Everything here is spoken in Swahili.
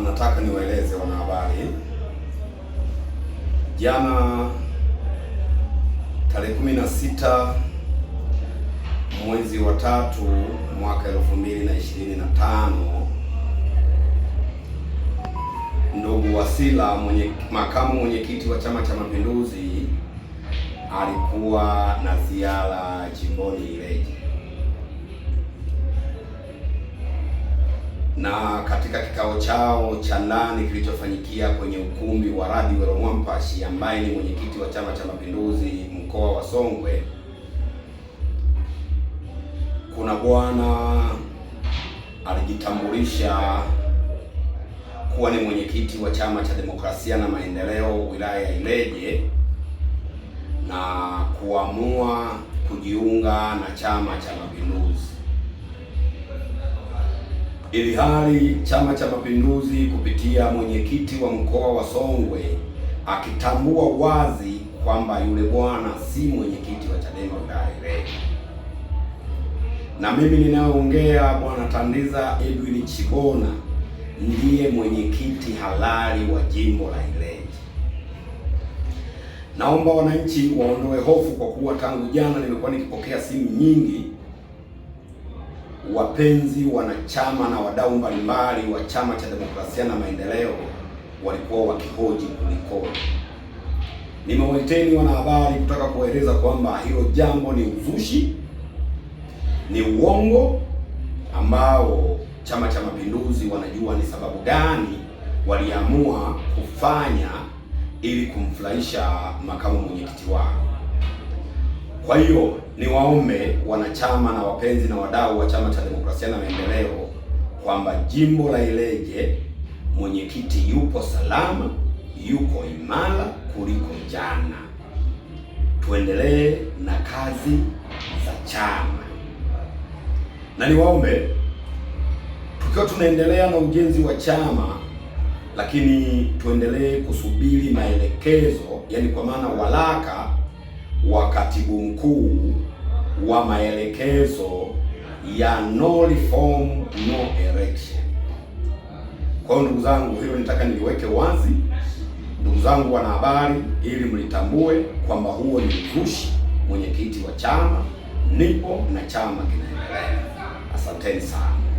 nataka niwaeleze wanahabari, jana tarehe 16 mwezi wa tatu mwaka tano ndugu Wasira mwenye, makamu mwenyekiti wa Chama cha Mapinduzi alikuwa na ziara jimboni na katika kikao chao cha ndani kilichofanyikia kwenye ukumbi wa radi Wero Mwampashi ambaye ni mwenyekiti wa Chama cha Mapinduzi mkoa wa Songwe, kuna bwana alijitambulisha kuwa ni mwenyekiti wa Chama cha Demokrasia na Maendeleo wilaya ya Ileje na kuamua kujiunga na Chama cha Mapinduzi ili hali Chama cha Mapinduzi kupitia mwenyekiti wa mkoa wa Songwe akitambua wazi kwamba yule bwana si mwenyekiti wa Chadema wilaya na mimi ninayoongea bwana Tandiza Edwin Chibona ndiye mwenyekiti halali wa jimbo la Ileje. Naomba wananchi waondoe hofu, kwa kuwa tangu jana nimekuwa nikipokea simu nyingi wapenzi wanachama na wadau mbalimbali wa Chama cha Demokrasia na Maendeleo walikuwa wakihoji kulikoni. Nimewaiteni wanahabari kutaka kuwaeleza kwamba hilo jambo ni uzushi, ni uongo ambao Chama cha Mapinduzi wanajua ni sababu gani waliamua kufanya ili kumfurahisha makamu mwenyekiti wao. Kwa hiyo ni waombe wanachama na wapenzi na wadau wa Chama cha Demokrasia na Maendeleo kwamba jimbo la Ileje mwenyekiti yupo salama, yuko imara kuliko jana. Tuendelee na kazi za chama, na niwaombe tukiwa tunaendelea na ujenzi wa chama, lakini tuendelee kusubiri maelekezo, yani kwa maana walaka wa katibu mkuu wa maelekezo ya no reform no election. Kwa hiyo ndugu zangu, hilo nitaka niliweke wazi, ndugu zangu wanahabari, ili mlitambue kwamba huo ni uzushi. Mwenyekiti wa chama nipo na chama kinaendelea. Asanteni sana.